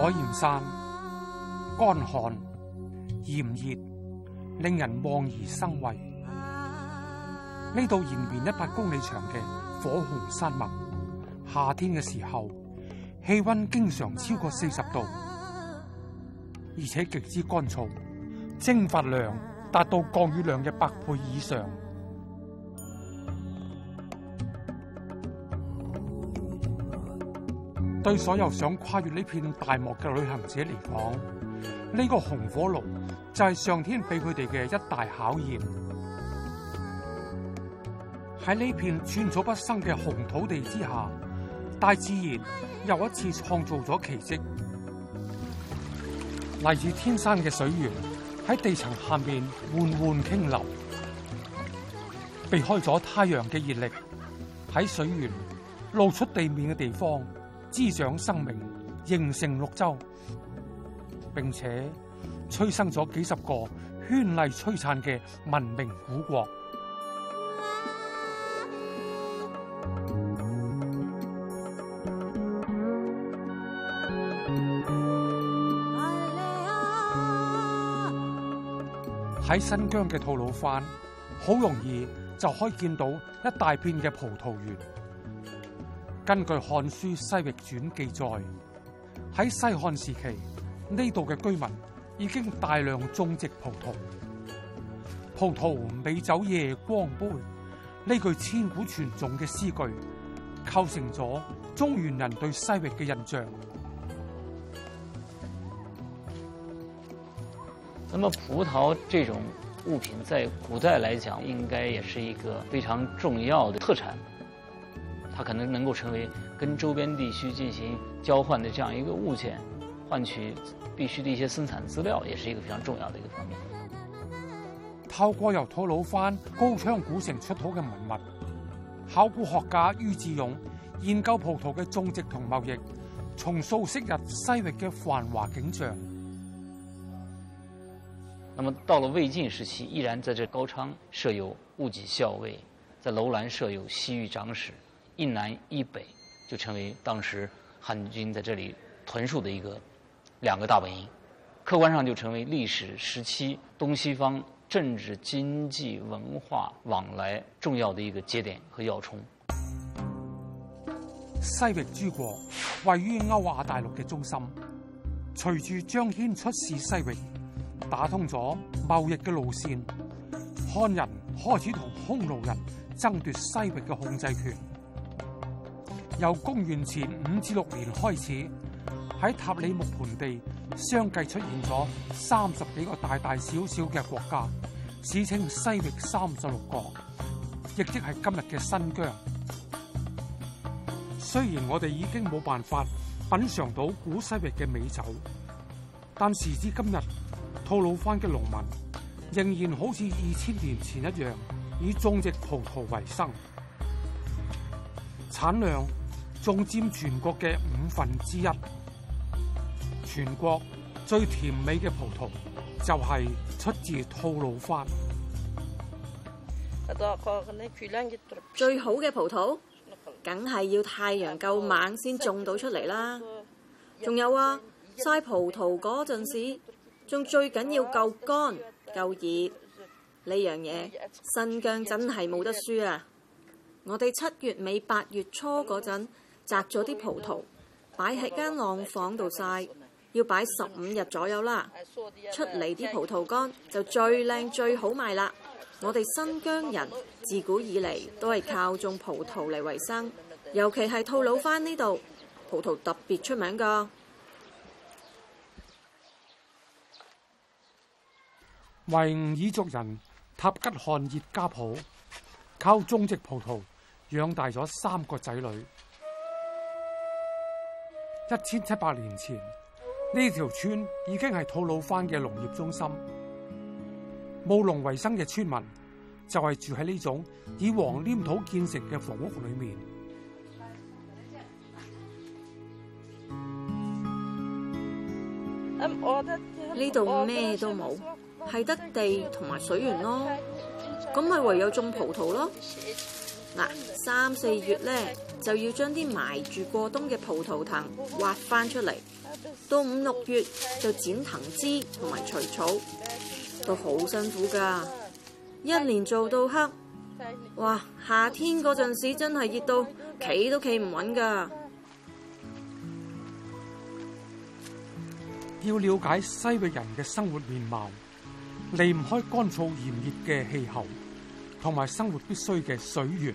火焰山，乾旱炎熱，令人望而生畏。呢度延綿一百公里長嘅火紅山脈，夏天嘅時候，氣温經常超過四十度，而且極之乾燥，蒸發量達到降雨量嘅百倍以上。對所有想跨越呢片大漠嘅旅行者嚟講，呢個紅火爐就係上天俾佢哋嘅一大考驗。喺呢片寸草不生嘅紅土地之下，大自然又一次創造咗奇蹟。來自天山嘅水源喺地層下面緩緩傾流，避開咗太陽嘅熱力，喺水源露出地面嘅地方。滋長生命，形成綠洲，並且催生咗幾十個絢麗璀璨嘅文明古國。喺新疆嘅吐魯番，好容易就可以見到一大片嘅葡萄園。根據《漢書西域傳》記載，喺西漢時期，呢度嘅居民已經大量種植葡萄。葡萄美酒夜光杯，呢句千古傳頌嘅詩句，構成咗中原人對西域嘅印象。那麼葡萄這種物品，在古代來講，應該也是一個非常重要的特產。它可能能夠成為跟周邊地區進行交換的這樣一個物件，換取必須的一些生產資料，也是一個非常重要的一個方面。透過由吐魯番高昌古城出土嘅文物，考古學家于志勇研究葡萄嘅種植同貿易，重塑昔日西域嘅繁華景象。那麼到了魏晉時期，依然在這高昌設有戊己校尉，在樓蘭設有西域長史。一南一北，就成為當時漢軍在這裏屯戍的一個兩個大本營，客觀上就成為歷史時期東西方政治、經濟、文化往來重要的一個節點和要衝。西域諸國位於歐亞大陸嘅中心，隨住張騫出使西域，打通咗貿易嘅路綫，漢人開始同匈奴人爭奪西域嘅控制權。由公元前五至六年開始，喺塔里木盆地相繼出現咗三十幾個大大小小嘅國家，史稱西域三十六國，亦即係今日嘅新疆。雖然我哋已經冇辦法品嘗到古西域嘅美酒，但時至今日，吐魯番嘅農民仍然好似二千年前一樣，以種植葡萄為生，產量，共佔全國嘅五分之一，全國最甜美嘅葡萄就係出自吐魯番。最好嘅葡萄，梗係要太陽夠猛先種到出嚟啦。仲有啊，晒葡萄嗰陣時，仲最緊要夠乾夠熱。呢樣嘢，新疆真係冇得輸啊！我哋七月尾八月初嗰陣。摘咗啲葡萄，擺喺間晾房度晒，要擺十五日左右啦。出嚟啲葡萄乾就最靚最好賣啦。我哋新疆人自古以嚟都係靠種葡萄嚟為生，尤其係吐魯番呢度葡萄特別出名㗎。維吾爾族人塔吉汗熱家普靠種植葡萄養大咗三個仔女。一千七百年前，呢條村已經係吐魯番嘅農業中心，務農為生嘅村民就係住喺呢種以黃黏土建成嘅房屋裏面。呢度咩都冇，係得地同埋水源咯，咁咪唯有種葡萄咯。嗱。三四月咧，就要將啲埋住過冬嘅葡萄藤挖翻出嚟，到五六月就剪藤枝同埋除草，都好辛苦噶。一年做到黑，哇！夏天嗰陣時真係熱到企都企唔穩噶。要了解西域人嘅生活面貌，離唔開乾燥炎熱嘅氣候同埋生活必須嘅水源。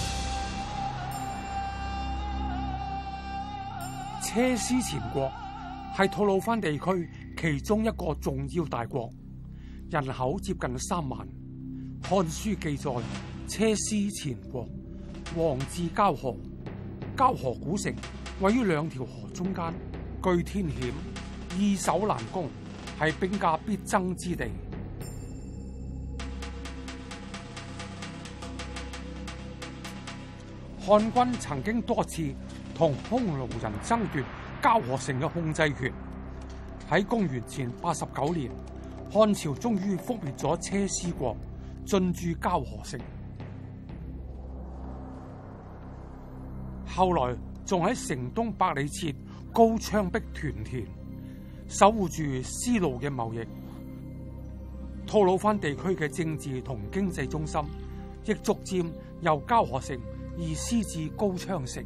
車師前國係吐魯番地區其中一個重要大國，人口接近三萬。漢書記載，車師前國王治交河，交河古城位於兩條河中間，據天險，易守難攻，係兵家必爭之地。漢軍曾經多次。同匈奴人爭奪交河城嘅控制權。喺公元前八十九年，漢朝終於覆滅咗車師國，進駐交河城。後來仲喺城東百里設高昌壁屯田，守護住絲路嘅貿易，吐魯番地區嘅政治同經濟中心，亦逐漸由交河城移師至高昌城。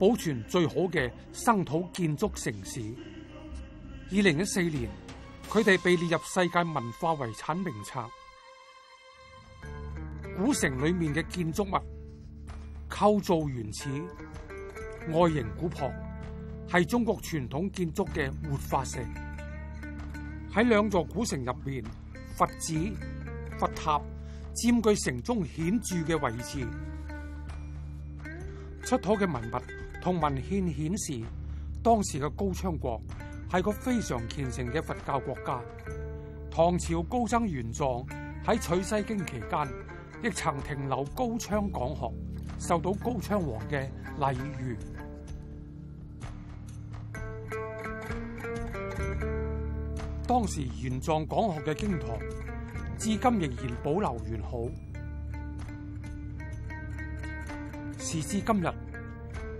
保存最好嘅生土建築城市，二零一四年佢哋被列入世界文化遺產名冊。古城裏面嘅建築物構造原始，外形古樸，係中國傳統建築嘅活化石。喺兩座古城入面，佛寺、佛塔佔據城中顯著嘅位置，出土嘅文物。同文獻顯示，當時嘅高昌國係個非常虔誠嘅佛教國家。唐朝高僧玄奘喺取西經期間，亦曾停留高昌講學，受到高昌王嘅禮遇。當時玄奘講學嘅經堂，至今仍然保留完好。時至今日，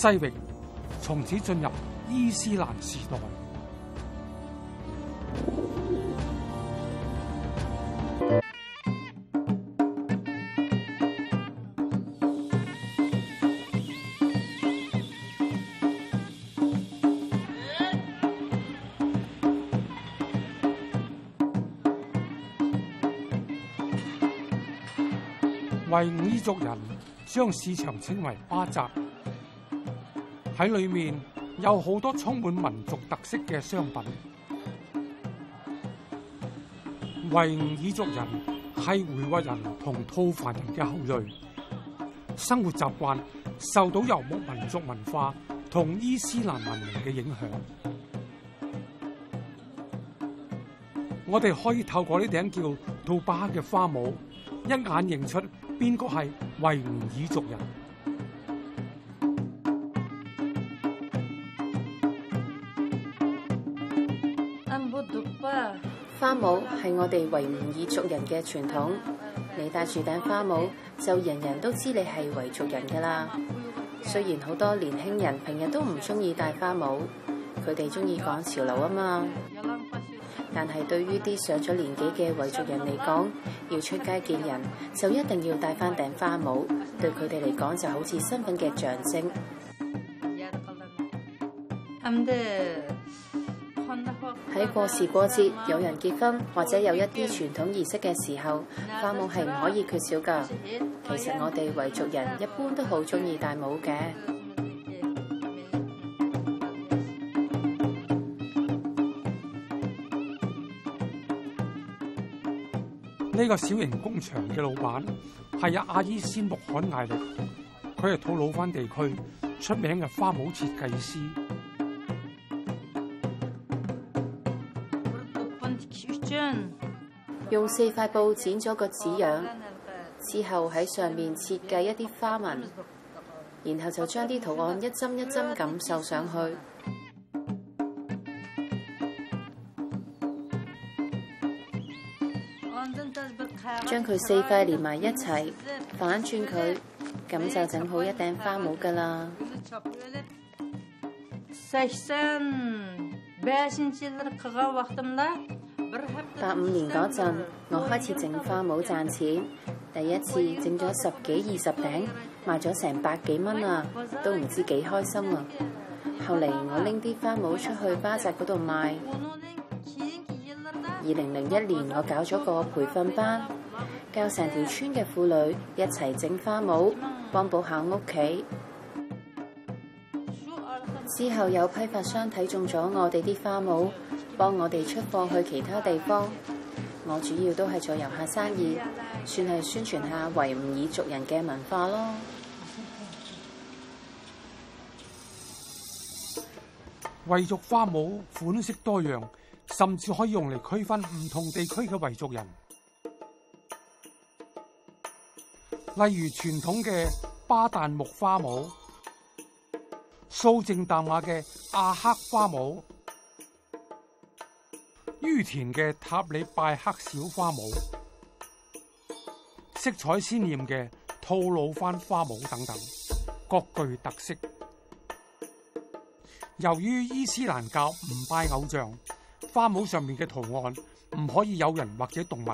西域從此進入伊斯蘭時代。維吾爾族人將市場稱為巴扎。喺裏面有好多充滿民族特色嘅商品。維吾爾族人係回鶻人同突厥人嘅後裔，生活習慣受到游牧民族文化同伊斯蘭文明嘅影響。我哋可以透過呢頂叫杜巴嘅花帽，一眼認出邊個係維吾爾族人。花帽係我哋維吾爾族人嘅傳統，你戴住頂花帽，就人人都知你係維族人噶啦。雖然好多年輕人平日都唔中意戴花帽，佢哋中意講潮流啊嘛。但係對於啲上咗年紀嘅維族人嚟講，要出街見人，就一定要戴翻頂花帽，對佢哋嚟講就好似身份嘅象徵。喺過時過節、有人結婚或者有一啲傳統儀式嘅時候，花帽係唔可以缺少噶。其實我哋維族人一般都好中意戴帽嘅。呢、這個小型工場嘅老闆係阿阿依斯木罕艾力，佢係吐魯番地區出名嘅花帽設計師。用四塊布剪咗個紙樣，之後喺上面設計一啲花紋，然後就將啲圖案一針一針噉繡上去，將佢四塊連埋一齊，反轉佢，咁就整好一頂花帽㗎啦。啦。八五年嗰陣，我開始整花帽賺錢。第一次整咗十幾二十頂，賣咗成百幾蚊啊，都唔知幾開心啊！後嚟我拎啲花帽出去巴扎嗰度賣。二零零一年，我搞咗個培訓班，教成條村嘅婦女一齊整花帽，幫補下屋企。之後有批發商睇中咗我哋啲花帽。幫我哋出貨去其他地方，我主要都係做遊客生意，算係宣傳下維吾爾族人嘅文化咯。維族花帽款式多樣，甚至可以用嚟區分唔同地區嘅維族人。例如傳統嘅巴旦木花帽，素靜淡雅嘅阿克花帽，于田嘅塔里拜克小花帽色彩鮮艷嘅吐魯番花帽等等，各具特色。由於伊斯蘭教唔拜偶像，花帽上面嘅圖案唔可以有人或者動物，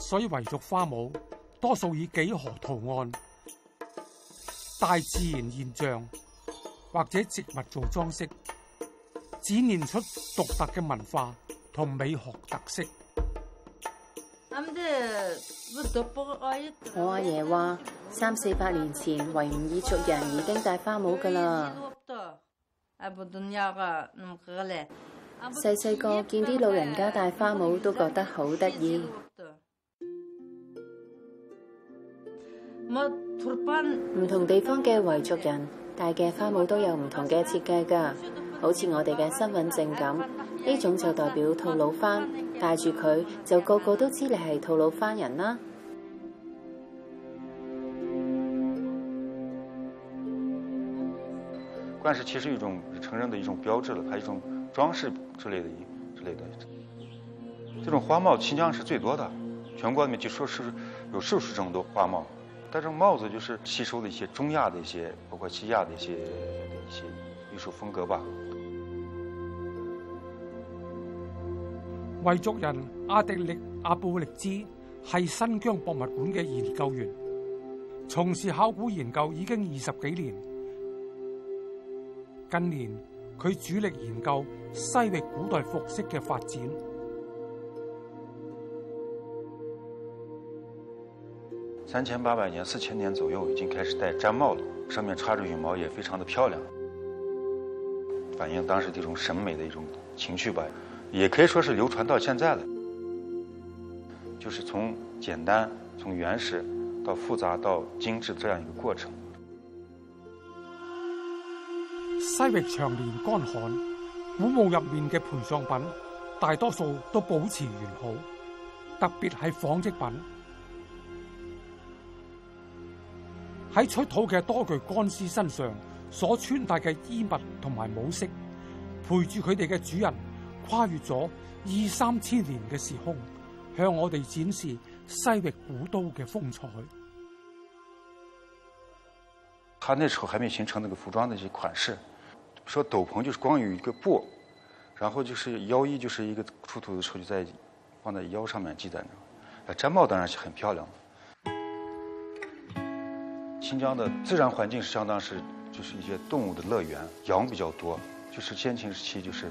所以維族花帽多數以幾何圖案、大自然現象或者植物做裝飾。展現出獨特嘅文化同美學特色。我阿爺話三四百年前，維吾爾族人已經戴花帽噶啦。細細個見啲老人家戴花帽都覺得好得意。唔同地方嘅維族人戴嘅花帽都有唔同嘅設計噶。好似我哋嘅身份證咁，呢種就代表吐魯番，戴住佢就個個都知你係吐魯番人啦。冠飾其實是一種成人的一種標誌了，有一種裝飾之類的，之類的。這種花帽新疆是最多的，全國裏面就說是有數十種多花帽，但這種帽子就是吸收了一些中亞的一些，包括西亞的一些的一些藝術風格吧。維族人阿迪力阿布力茲係新疆博物館嘅研究員，從事考古研究已經二十幾年。近年佢主力研究西域古代服飾嘅發展。三千八百年、四千年左右已經開始戴氈帽了，上面插着羽毛，也非常的漂亮，反映當時這種審美的一種情緒吧。也可以說是流傳到現在了，就是從簡單、從原始到複雜到精致這樣一個過程。西域長年乾旱，古墓入面嘅陪葬品大多數都保持完好，特別係紡織品。喺出土嘅多具乾屍身上所穿戴嘅衣物同埋服飾，陪住佢哋嘅主人，跨越咗二三千年嘅時空，向我哋展示西域古都嘅風采。他那時候還沒形成那個服裝的一些款式，說斗篷就是光有一個布，然後就是腰衣就是一個出土的時候就在放在腰上面繫在那，氈帽當然是很漂亮。新疆的自然環境是相當是就是一些動物的樂園，羊比較多，就是先秦時期就是。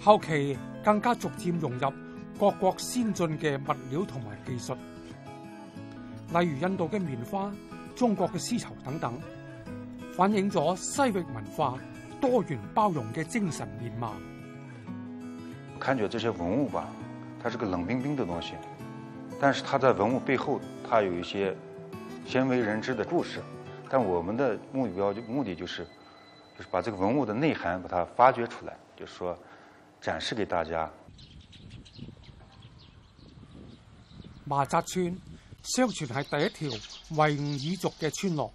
後期更加逐漸融入各國先進嘅物料同埋技術，例如印度嘅棉花、中國嘅絲綢等等，反映咗西域文化多元包容嘅精神面貌。我看着這些文物吧，它是個冷冰冰的東西，但是它在文物背後，它有一些鮮為人知的故事。但我們的目標目的就是，就是把這個文物的內涵把它發掘出來，就是說。展示給大家。麻扎村相傳係第一條維吾爾族嘅村落，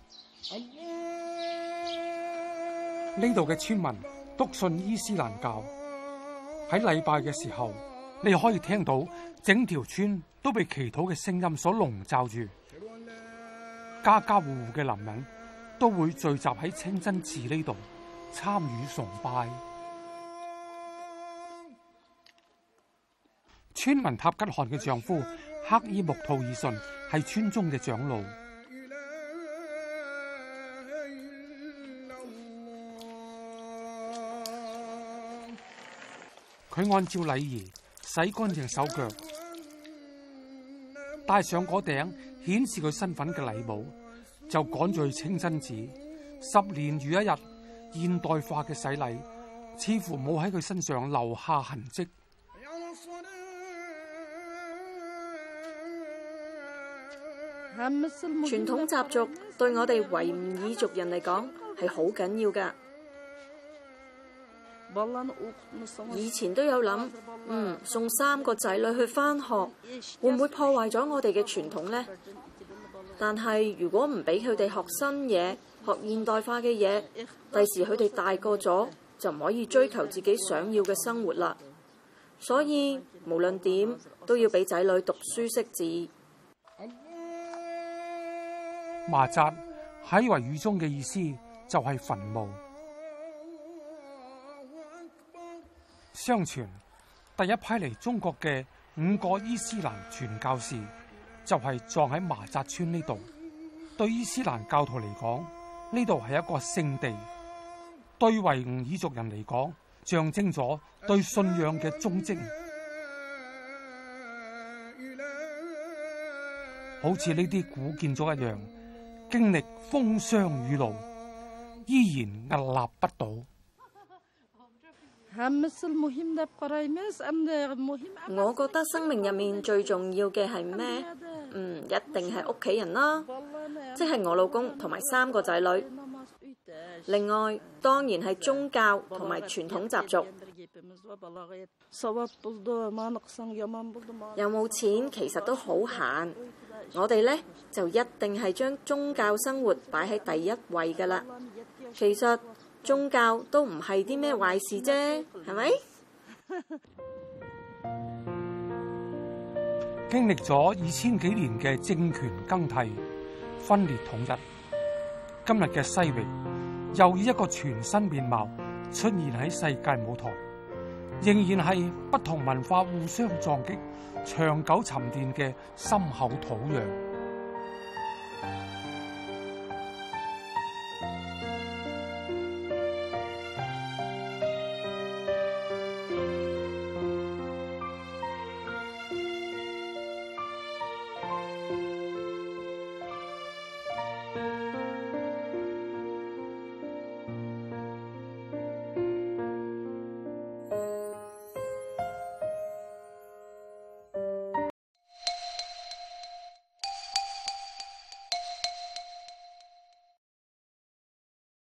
呢度嘅村民篤信伊斯蘭教。喺禮拜嘅時候，你可以聽到整條村都被祈禱嘅聲音所籠罩住。家家戶戶嘅男人都會聚集喺清真寺呢度參與崇拜。村民塔吉汗嘅丈夫克伊木吐爾遜係村中嘅長老，佢按照禮儀洗乾淨手腳，戴上嗰頂顯示佢身份嘅禮帽，就趕住去清真寺。十年如一日，現代化嘅洗禮似乎冇喺佢身上留下痕跡。傳統習俗對我哋維吾爾族人嚟講係好緊要㗎。以前都有諗，嗯，送三個仔女去返學，會唔會破壞咗我哋嘅傳統呢？但係如果唔俾佢哋學新嘢，學現代化嘅嘢，第時佢哋大個咗就唔可以追求自己想要嘅生活啦。所以無論點都要俾仔女讀書識字。麻扎喺維語中嘅意思就係墳墓。相傳第一批嚟中國嘅五個伊斯蘭傳教士就係葬喺麻扎村呢度。對伊斯蘭教徒嚟講，呢度係一個聖地；對維吾爾族人嚟講，象徵咗對信仰嘅忠貞。好似呢啲古建築一樣。經歷風霜雨露，依然屹立不倒。我覺得生命入面最重要嘅係咩？嗯，一定係屋企人啦，即係我老公同埋三個仔女。另外，當然係宗教同埋傳統習俗。有冇錢其實都好閒，我哋呢就一定係將宗教生活擺喺第一位噶啦。其實宗教都唔係啲咩壞事啫，係咪？經歷咗二千幾年嘅政權更替、分裂、統一，今日嘅西域又以一個全新面貌出現喺世界舞台。仍然係不同文化互相撞擊、長久沉澱嘅深厚土壤。